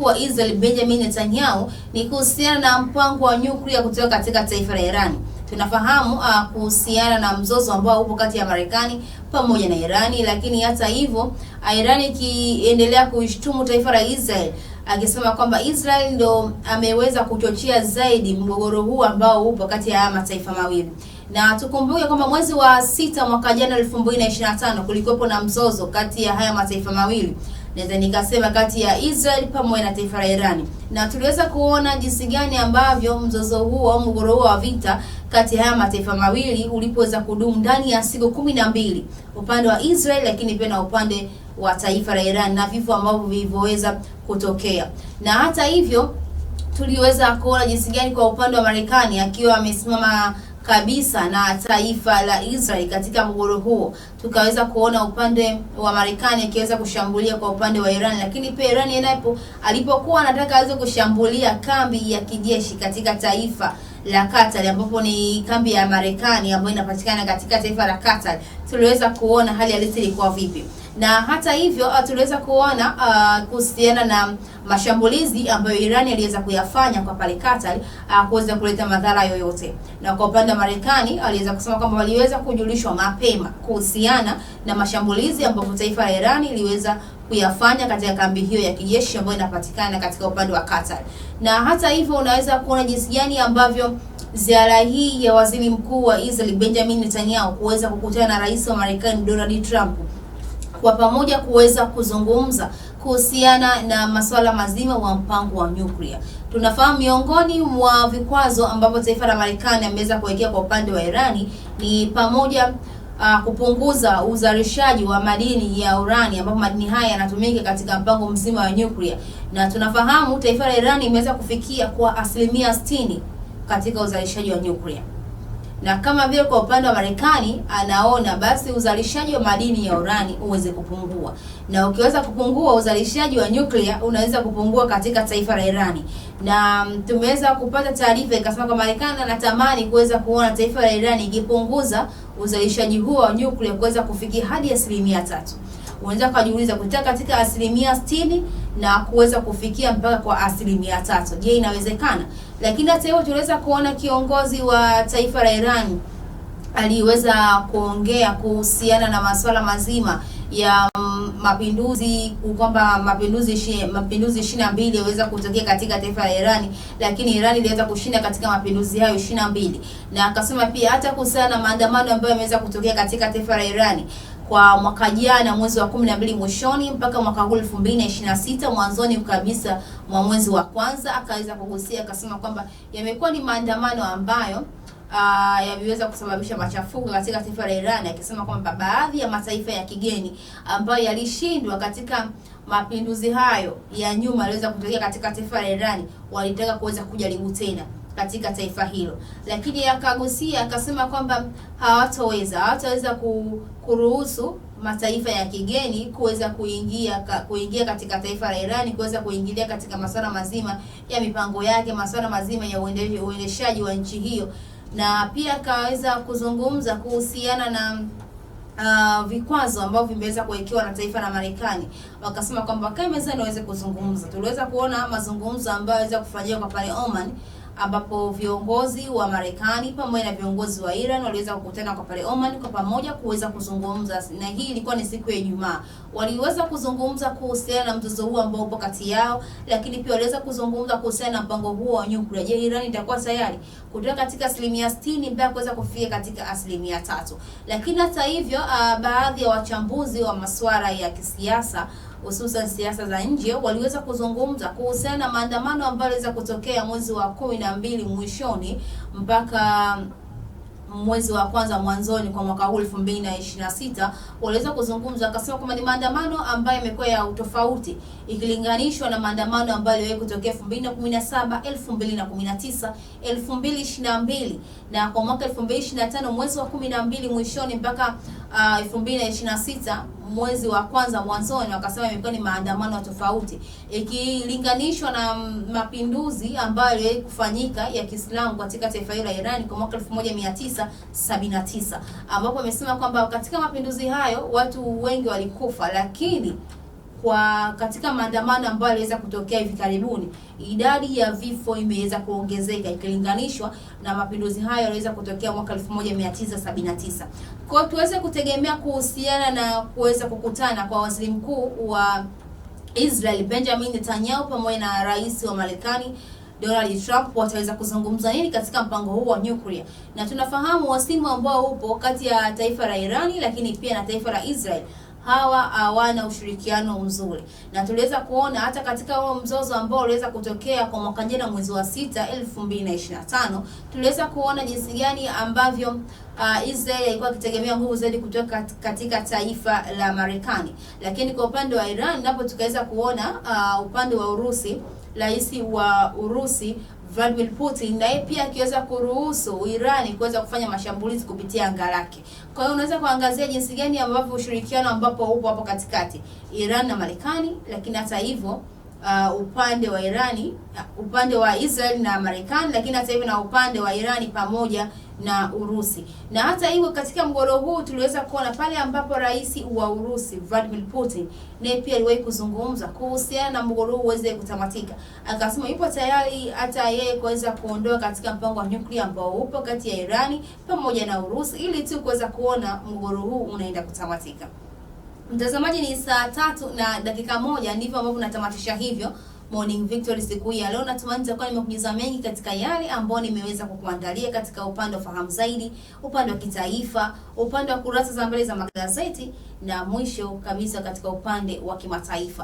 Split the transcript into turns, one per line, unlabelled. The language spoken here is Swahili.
wa Israel Benjamin Netanyahu ni kuhusiana na mpango wa nyuklia kutoka katika taifa la Iran. Tunafahamu uh, kuhusiana na mzozo ambao upo kati ya Marekani pamoja na Irani, lakini hata hivyo ah, Iran ikiendelea kuishtumu taifa la Israel akisema kwamba Israel ndo ameweza kuchochea zaidi mgogoro huu ambao upo kati ya mataifa mawili na tukumbuke kwamba mwezi wa sita mwaka jana 2025 kulikuwepo na mzozo kati ya haya mataifa mawili naweza nikasema kati ya Israel pamoja na taifa la Iran, na tuliweza kuona jinsi gani ambavyo mzozo huo au mgogoro huo wa vita kati ya haya mataifa mawili ulipoweza kudumu ndani ya siku kumi na mbili upande wa Israel, lakini pia na upande wa taifa la Iran na vifo ambavyo vilivyoweza kutokea. Na hata hivyo tuliweza kuona jinsi gani kwa upande wa Marekani akiwa amesimama kabisa na taifa la Israel katika mgogoro huo. Tukaweza kuona upande wa Marekani akiweza kushambulia kwa upande wa Iran, lakini pia Iran inapo alipokuwa anataka aweze kushambulia kambi ya kijeshi katika taifa la Qatar ambapo ni kambi ya Marekani ambayo inapatikana katika taifa la Qatar, tuliweza kuona hali halisi ilikuwa vipi na hata hivyo ah, tuliweza kuona uh, kuhusiana na mashambulizi ambayo Irani aliweza kuyafanya kwa pale Qatar uh, kuweza kuleta madhara yoyote, na kwa upande wa Marekani aliweza kusema kwamba waliweza kujulishwa mapema kuhusiana na mashambulizi ambayo taifa la Irani iliweza kuyafanya katika kambi hiyo ya kijeshi ambayo inapatikana katika upande wa Qatar. Na hata hivyo unaweza kuona jinsi gani ambavyo ziara hii ya waziri mkuu wa Israel Benjamin Netanyahu kuweza kukutana na rais wa Marekani Donald Trump kwa pamoja kuweza kuzungumza kuhusiana na masuala mazima wa mpango wa nyuklia. Tunafahamu miongoni mwa vikwazo ambavyo taifa la Marekani ameweza kuwekea kwa upande wa Irani ni pamoja Uh, kupunguza uzalishaji wa madini ya urani ambapo madini haya yanatumika katika mpango mzima wa nyuklia, na tunafahamu taifa la Irani imeweza kufikia kwa asilimia 60 katika uzalishaji wa nyuklia na kama vile kwa upande wa Marekani anaona basi uzalishaji wa madini ya urani uweze kupungua, na ukiweza kupungua uzalishaji wa nyuklia unaweza kupungua katika taifa la Irani. Na mm, tumeweza kupata taarifa ikasema kwa Marekani anatamani kuweza kuona taifa la Irani ikipunguza uzalishaji huo wa nyuklia kuweza kufikia hadi asilimia tatu. Unaweza kujiuliza kutoka katika asilimia sitini na kuweza kufikia mpaka kwa asilimia tatu. Je, inawezekana? Lakini hata hivyo tunaweza kuona kiongozi wa taifa la Iran aliweza kuongea kuhusiana na masuala mazima ya mapinduzi kwamba mapinduzi mapinduzi ishirini na mbili yaweza kutokea katika taifa la Irani, lakini Irani iliweza kushinda katika mapinduzi hayo ishirini na mbili na akasema pia hata kuhusiana na maandamano ambayo yameweza kutokea katika taifa la Irani kwa mwaka jana mwezi wa 12 mwishoni mpaka mwaka huu 2026 mwanzoni kabisa mwa mwezi wa kwanza, akaweza kugusia akasema kwamba yamekuwa ni maandamano ambayo Uh, ah, yameweza kusababisha machafuko katika taifa la Iran, akisema kwamba baadhi ya mataifa ya kigeni ambayo yalishindwa katika mapinduzi hayo ya nyuma yaliweza kutokea katika taifa la Iran walitaka kuweza kujaribu tena katika taifa hilo, lakini akagusia akasema kwamba hawataweza hawataweza kuruhusu mataifa ya kigeni kuweza kuingia kuingia katika taifa la Irani kuweza kuingilia katika masuala mazima ya mipango yake, masuala mazima ya uendeshaji wa nchi hiyo, na pia akaweza kuzungumza kuhusiana na Uh, vikwazo ambavyo vimeweza kuwekewa na taifa la Marekani. Wakasema kwamba wakae mezani waweze kuzungumza. Tuliweza kuona mazungumzo ambayo yaweza kufanyika kwa pale Oman ambapo viongozi wa Marekani pamoja na viongozi wa Iran waliweza kukutana kwa pale Oman kwa pamoja kuweza kuzungumza, na hii ilikuwa ni siku ya Ijumaa. Waliweza kuzungumza kuhusiana na mzozo huu ambao upo kati yao, lakini pia waliweza kuzungumza kuhusiana na mpango huo wa nyuklia. Je, Iran itakuwa tayari kutoka katika asilimia sitini mpaka kuweza kufikia katika asilimia tatu? Lakini hata hivyo, uh, baadhi ya wachambuzi wa masuala ya kisiasa hususan siasa za nje waliweza kuzungumza kuhusiana na maandamano ambayo yaliweza kutokea mwezi wa kumi na mbili mwishoni mpaka mwezi wa kwanza mwanzoni kwa mwaka huu 2026 waliweza kuzungumza, akasema kwamba ni maandamano ambayo yamekuwa ya utofauti ikilinganishwa na maandamano ambayo yaliwahi kutokea 2017, 2019, 2022 na kwa mwaka 2025 mwezi wa 12 mwishoni mpaka Ah, elfu mbili na ishirini na sita mwezi wa kwanza mwanzoni, wakasema imekuwa ni maandamano tofauti ikilinganishwa na mapinduzi ambayo yaliwahi kufanyika ya Kiislamu katika taifa hilo la Iran kwa mwaka 1979 ambapo amesema kwamba katika mapinduzi hayo watu wengi walikufa, lakini kwa katika maandamano ambayo yaliweza kutokea hivi karibuni, idadi ya vifo imeweza kuongezeka ikilinganishwa na mapinduzi hayo yaliweza kutokea mwaka 1979. Kwa hiyo tuweze kutegemea kuhusiana na kuweza kukutana kwa waziri mkuu wa Israel Benjamin Netanyahu pamoja na rais wa Marekani Donald Trump wataweza kuzungumza nini katika mpango huu wa nyuklia, na tunafahamu wasimu ambao upo kati ya taifa la Irani lakini pia na taifa la Israel hawa hawana ushirikiano mzuri, na tuliweza kuona hata katika huo mzozo ambao uliweza kutokea kwa mwaka jana mwezi wa sita 2025 tuliweza kuona jinsi gani ambavyo uh, Israel ilikuwa ikitegemea nguvu zaidi kutoka katika taifa la Marekani, lakini kwa upande wa Iran napo tukaweza kuona uh, upande wa Urusi, rais wa Urusi Vladimir Putin na yeye pia akiweza kuruhusu Irani kuweza kufanya mashambulizi kupitia anga lake. Kwa hiyo unaweza kuangazia jinsi gani ambavyo ushirikiano ambapo upo hapo katikati Iran na Marekani, lakini hata hivyo uh, upande wa Irani, uh, upande wa Israel na Marekani, lakini hata hivyo na upande wa Irani pamoja na Urusi. Na hata hivyo, katika mgogoro huu tuliweza kuona pale ambapo rais wa Urusi Vladimir Putin naye pia aliwahi kuzungumza kuhusiana na mgogoro huu uweze kutamatika, akasema yupo tayari hata yeye kuweza kuondoa katika mpango wa nyuklia ambao upo kati ya Irani pamoja na Urusi ili tu kuweza kuona mgogoro huu unaenda kutamatika. Mtazamaji, ni saa tatu na dakika moja ndivyo ambavyo natamatisha hivyo Morning Victory siku hii ya leo. Natumai nitakuwa nimekujuza mengi katika yale ambayo nimeweza kukuandalia katika upande wa fahamu zaidi, upande wa kitaifa, upande wa kurasa za mbele za magazeti na mwisho kabisa katika upande wa kimataifa.